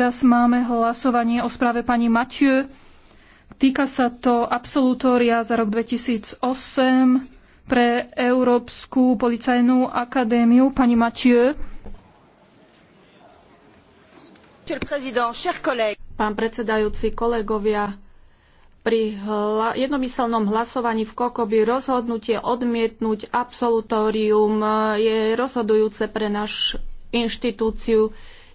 Teraz máme hlasovanie o správe pani Mathieu. Týka sa to absolutória za rok 2008 pre Európsku policajnú akadémiu. Pani Mathieu. Pán predsedajúci, kolegovia, pri hla- jednomyselnom hlasovaní v kokoby rozhodnutie odmietnúť absolutórium eh, je rozhodujúce pre náš inštitúciu.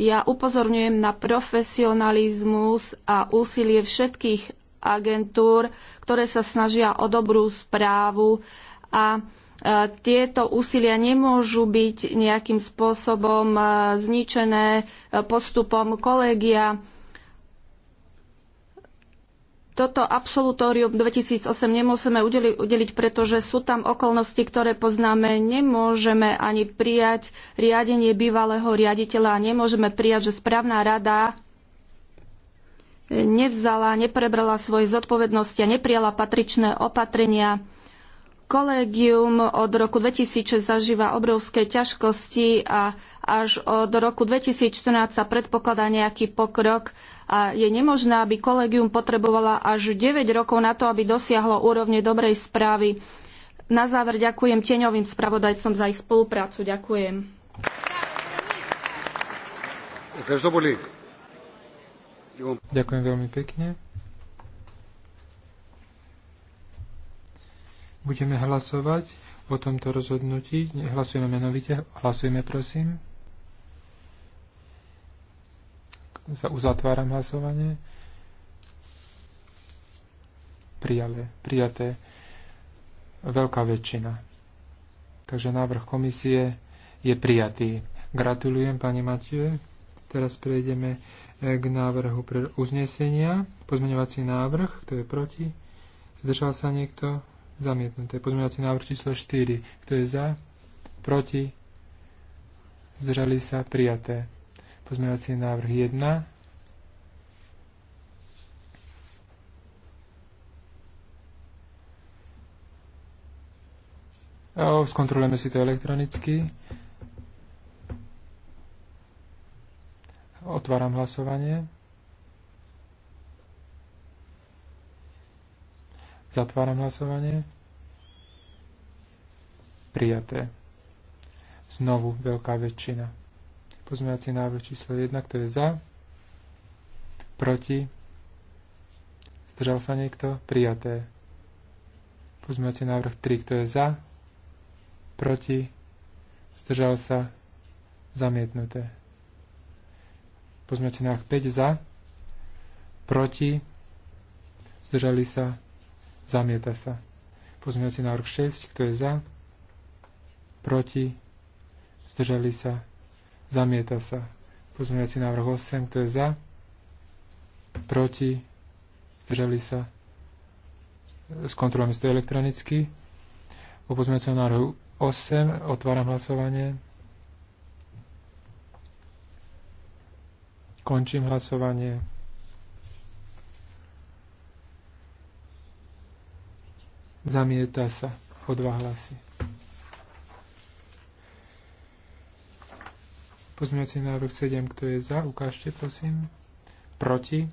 Ja upozorňujem na profesionalizmus a úsilie všetkých agentúr, ktoré sa snažia o dobrú správu a e, tieto úsilia nemôžu byť nejakým spôsobom e, zničené e, postupom kolégia toto absolutórium 2008 nemôžeme udeliť, udeliť, pretože sú tam okolnosti, ktoré poznáme. Nemôžeme ani prijať riadenie bývalého riaditeľa, nemôžeme prijať, že správna rada nevzala, neprebrala svoje zodpovednosti a neprijala patričné opatrenia. Kolégium od roku 2006 zažíva obrovské ťažkosti a až do roku 2014 sa predpokladá nejaký pokrok a je nemožné, aby kolegium potrebovala až 9 rokov na to, aby dosiahlo úrovne dobrej správy. Na záver ďakujem tieňovým spravodajcom za ich spoluprácu. Ďakujem. Ďakujem veľmi pekne. Budeme hlasovať o tomto rozhodnutí. Hlasujeme menovite. Hlasujeme, prosím. za uzatváram hlasovanie. Prijale, prijaté veľká väčšina. Takže návrh komisie je prijatý. Gratulujem, pani Matie. Teraz prejdeme e, k návrhu pre uznesenia. Pozmeňovací návrh, kto je proti? Zdržal sa niekto? Zamietnuté. Pozmeňovací návrh číslo 4. Kto je za? Proti? Zdržali sa? Prijaté. Pozmeňovací návrh 1. skontrolujeme si to elektronicky. Otváram hlasovanie. Zatváram hlasovanie. Prijaté. Znovu veľká väčšina. Pozmeňovací návrh číslo 1, kto je za? Proti? Zdržal sa niekto? Prijaté. Pozmeňovací návrh 3, kto je za? Proti? Zdržal sa? Zamietnuté. Pozmeňovací návrh 5 za? Proti? Zdržali sa? Zamieta sa. Pozmeňovací návrh 6, kto je za? Proti? Zdržali sa? Zamieta sa. Pozmeňovací návrh 8, kto je za? Proti? Zdržali sa? Skontrolujeme si to elektronicky. O pozmeňovacom návrhu 8 otváram hlasovanie. Končím hlasovanie. Zamieta sa o dva hlasy. Pozmeňujúci návrh 7, kto je za, ukážte prosím. Proti.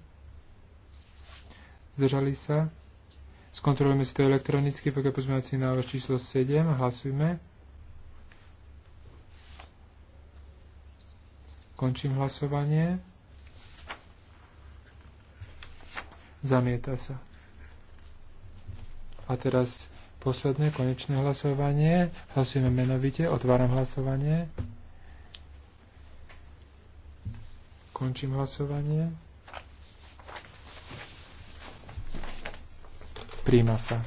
Zdržali sa. Skontrolujeme si to elektronicky, pokiaľ pozmeňovací návrh číslo 7. Hlasujme. Končím hlasovanie. Zamieta sa. A teraz posledné, konečné hlasovanie. Hlasujeme menovite. Otváram hlasovanie. Končím hlasovanie. Príjma sa.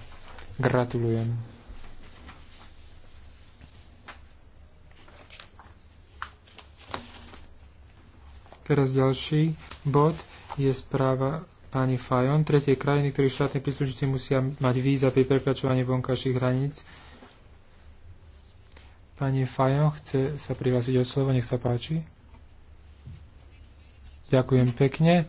Gratulujem. Teraz ďalší bod je správa pani Fajon. Tretie krajiny, ktorých štátni príslušníci musia mať víza pri prekračovaní vonkajších hraníc. Pani Fajon chce sa prihlásiť o slovo, nech sa páči. Ďakujem pekne.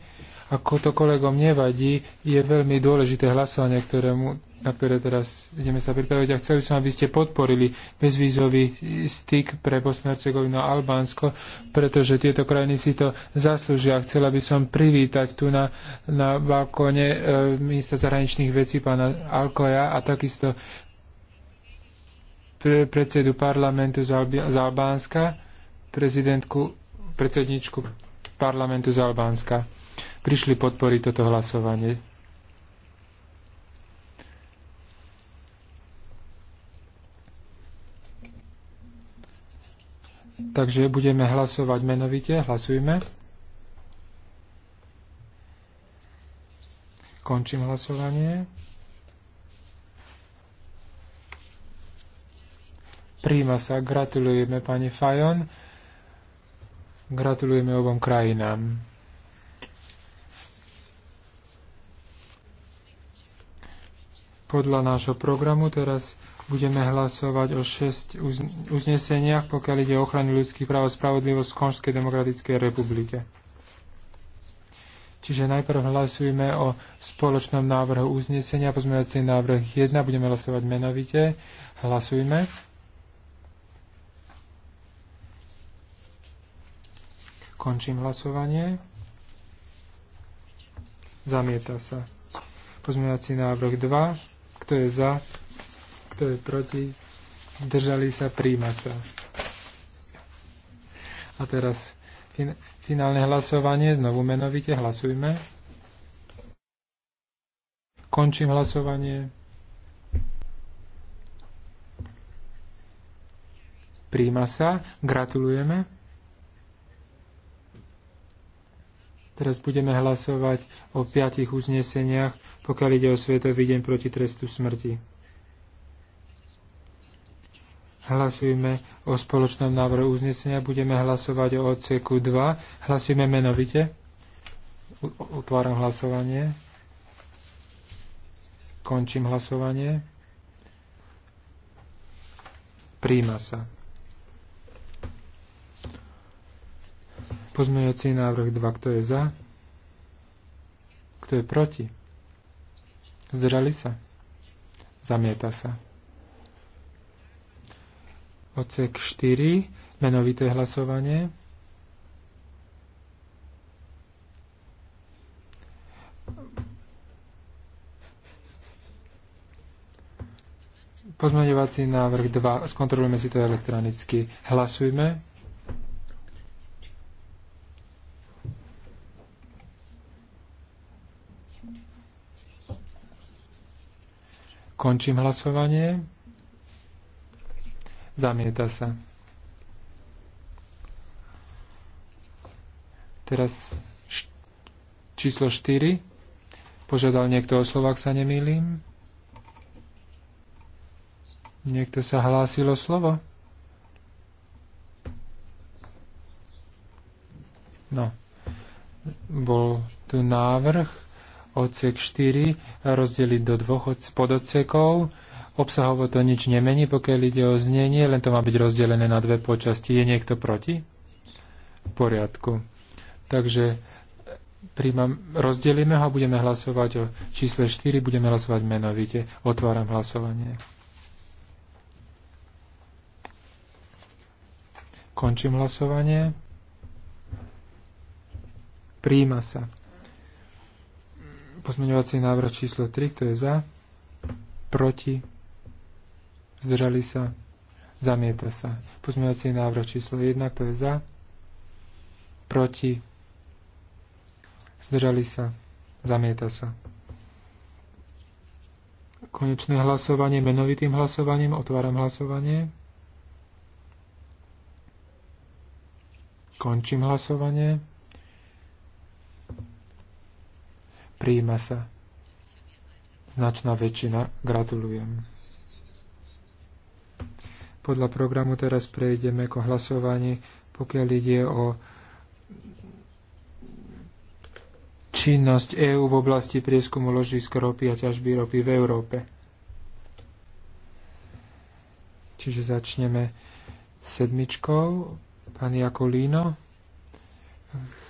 Ako to kolegom nevadí, je veľmi dôležité hlasovanie, ktorému, na ktoré teraz ideme sa pripraviť. A chceli som, aby ste podporili bezvízový styk pre Bosnu, Hercegovinu a Albánsko, pretože tieto krajiny si to zaslúžia. Chcela by som privítať tu na, na balkóne e, ministra zahraničných vecí pána Alkoja a takisto pre, predsedu parlamentu z, Albi- z Albánska, prezidentku, predsedničku parlamentu z Albánska prišli podporiť toto hlasovanie. Takže budeme hlasovať menovite. Hlasujme. Končím hlasovanie. Príjma sa. Gratulujeme pani Fajon. Gratulujeme obom krajinám. Podľa nášho programu teraz budeme hlasovať o šesť uzneseniach, pokiaľ ide o ochranu ľudských práv a spravodlivosť v Konžskej demokratickej republike. Čiže najprv hlasujeme o spoločnom návrhu uznesenia, pozmeňovací návrh 1, budeme hlasovať menovite. Hlasujme. Končím hlasovanie. Zamieta sa. Pozmeňovací návrh 2. Kto je za? Kto je proti? Držali sa, príjma sa. A teraz fin- finálne hlasovanie. Znovu menovite hlasujme. Končím hlasovanie. Príjma sa. Gratulujeme. Teraz budeme hlasovať o piatich uzneseniach, pokiaľ ide o Svetový deň proti trestu smrti. Hlasujeme o spoločnom návrhu uznesenia. Budeme hlasovať o odseku 2. Hlasujeme menovite. Otváram hlasovanie. Končím hlasovanie. Príjma sa. Pozmeňací návrh 2. Kto je za? Kto je proti? Zdržali sa? Zamieta sa. Ocek 4. Menovité hlasovanie. Pozmeňovací návrh 2. Skontrolujeme si to elektronicky. Hlasujme. Končím hlasovanie. Zamieta sa. Teraz číslo 4. Požiadal niekto o slovo, ak sa nemýlim. Niekto sa hlásil o slovo? No. Bol tu návrh odsek 4 rozdeliť do dvoch pododsekov. Obsahovo to nič nemení, pokiaľ ide o znenie, len to má byť rozdelené na dve počasti. Je niekto proti? V poriadku. Takže e, príjmam, rozdelíme ho a budeme hlasovať o čísle 4, budeme hlasovať menovite. Otváram hlasovanie. Končím hlasovanie. Príjma sa. Pozmeňovací návrh číslo 3, kto je za? Proti? Zdržali sa? Zamieta sa. Pozmeňovací návrh číslo 1, kto je za? Proti? Zdržali sa? Zamieta sa. Konečné hlasovanie menovitým hlasovaním. Otváram hlasovanie. Končím hlasovanie. Príjme sa. Značná väčšina. Gratulujem. Podľa programu teraz prejdeme k hlasovaní, pokiaľ ide o činnosť EÚ v oblasti prieskumu ložisk ropy a ťažby ropy v Európe. Čiže začneme sedmičkou. Pán Jakolíno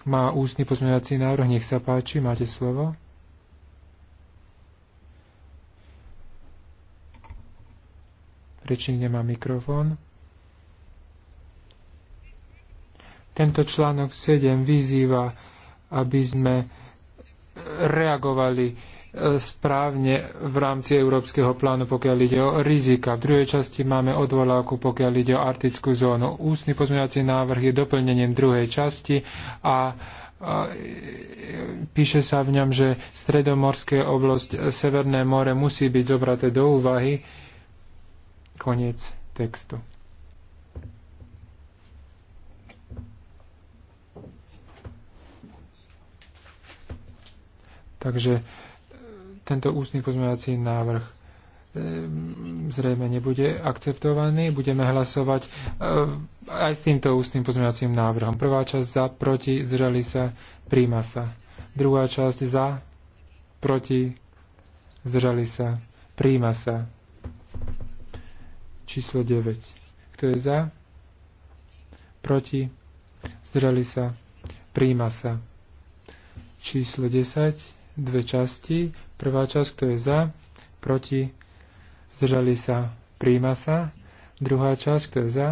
má ústny pozmeňovací návrh. Nech sa páči, máte slovo. Rečník nemá mikrofón. Tento článok 7 vyzýva, aby sme reagovali správne v rámci európskeho plánu, pokiaľ ide o rizika. V druhej časti máme odvolávku, pokiaľ ide o arktickú zónu. Ústny pozmeňovací návrh je doplnením druhej časti a píše sa v ňom, že stredomorské oblasť Severné more musí byť zobraté do úvahy. Koniec textu. Takže tento ústny pozmeňovací návrh zrejme nebude akceptovaný. Budeme hlasovať eh, aj s týmto ústnym pozmeňovacím návrhom. Prvá časť za, proti, zdržali sa, príjma sa. Druhá časť za, proti, zdržali sa, príjma sa. Číslo 9. Kto je za? Proti? Zdržali sa? Príjma sa. Číslo 10. Dve časti. Prvá časť, kto je za, proti, zdržali sa, príjma sa. Druhá časť, kto je za,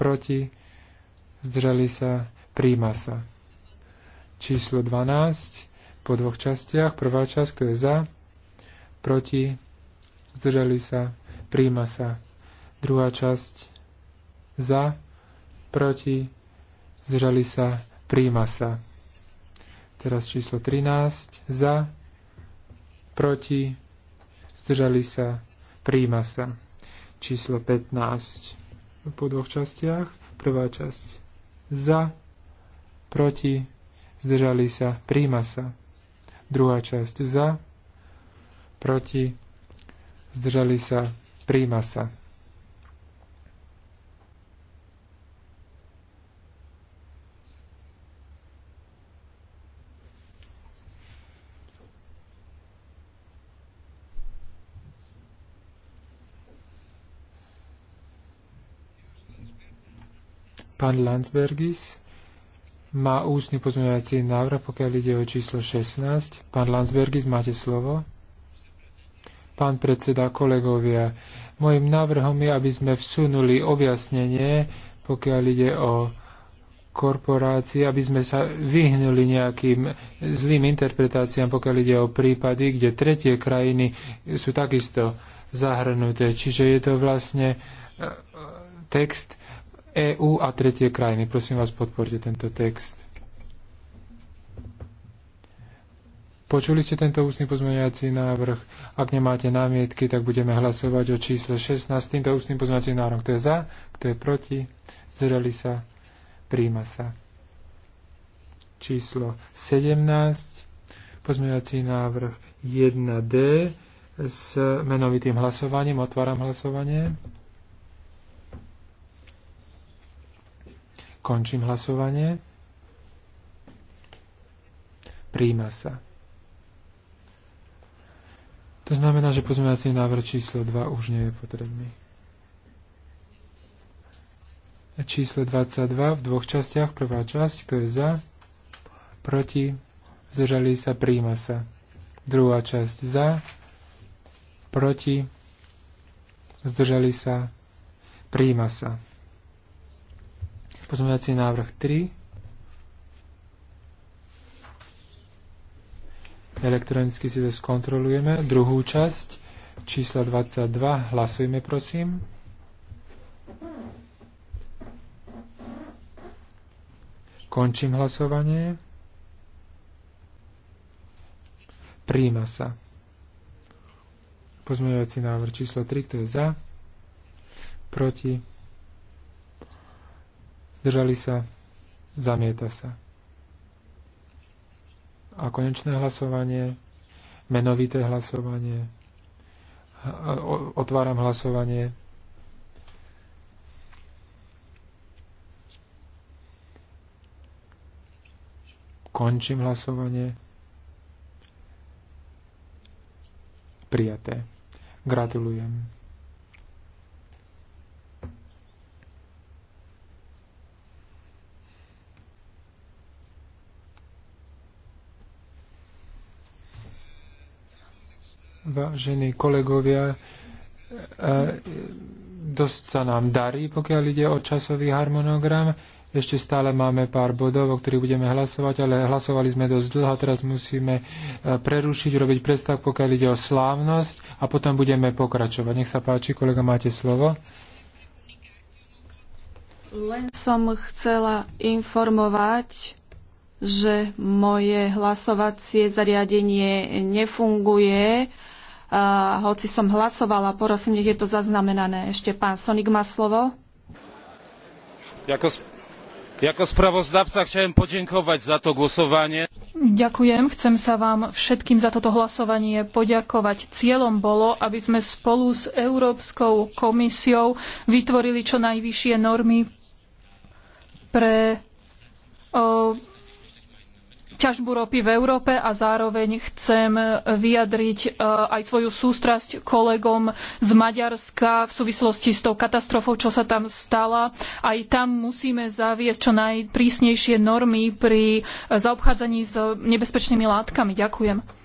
proti, zdržali sa, príjma sa. Číslo 12 po dvoch častiach. Prvá časť, kto je za, proti, zdržali sa, príjma sa. Druhá časť, za, proti, zdržali sa, príjma sa. Teraz číslo 13, za, proti, zdržali sa, príjma sa. Číslo 15 po dvoch častiach. Prvá časť za, proti, zdržali sa, príjma sa. Druhá časť za, proti, zdržali sa, príjma sa. Pán Landsbergis má ústny pozmeňovací návrh, pokiaľ ide o číslo 16. Pán Landsbergis, máte slovo? Pán predseda, kolegovia, môjim návrhom je, aby sme vsunuli objasnenie, pokiaľ ide o korporácií, aby sme sa vyhnuli nejakým zlým interpretáciám, pokiaľ ide o prípady, kde tretie krajiny sú takisto zahrnuté. Čiže je to vlastne e, e, text, EÚ a tretie krajiny. Prosím vás, podporte tento text. Počuli ste tento ústny pozmeňovací návrh? Ak nemáte námietky, tak budeme hlasovať o čísle 16 s týmto ústnym pozmeňovacím návrhom. Kto je za? Kto je proti? Zreli sa? Príjma sa. Číslo 17. Pozmeňovací návrh 1D s menovitým hlasovaním. Otváram hlasovanie. Končím hlasovanie. Príjma sa. To znamená, že pozmeňovací návrh číslo 2 už nie je potrebný. Číslo 22 v dvoch častiach. Prvá časť, kto je za, proti, zdržali sa, príjma sa. Druhá časť za, proti, zdržali sa, príjma sa. Pozmeňovací návrh 3. Elektronicky si to skontrolujeme. Druhú časť, číslo 22. Hlasujme, prosím. Končím hlasovanie. Príjma sa. Pozmeňovací návrh číslo 3, kto je za? Proti? zdržali sa, zamieta sa. A konečné hlasovanie, menovité hlasovanie, otváram hlasovanie. Končím hlasovanie. Prijaté. Gratulujem. vážení kolegovia, e, dosť sa nám darí, pokiaľ ide o časový harmonogram. Ešte stále máme pár bodov, o ktorých budeme hlasovať, ale hlasovali sme dosť dlho, teraz musíme e, prerušiť, robiť prestav, pokiaľ ide o slávnosť a potom budeme pokračovať. Nech sa páči, kolega, máte slovo. Len som chcela informovať, že moje hlasovacie zariadenie nefunguje hoci som hlasovala, prosím, nech je to zaznamenané. Ešte pán Sonik má slovo. Jako, jako sprawozdawca chciałem za to hlasovanie. Ďakujem, chcem sa vám všetkým za toto hlasovanie poďakovať. Cieľom bolo, aby sme spolu s Európskou komisiou vytvorili čo najvyššie normy pre ťažbu ropy v Európe a zároveň chcem vyjadriť e, aj svoju sústrasť kolegom z Maďarska v súvislosti s tou katastrofou, čo sa tam stala. Aj tam musíme zaviesť čo najprísnejšie normy pri e, zaobchádzaní s nebezpečnými látkami. Ďakujem.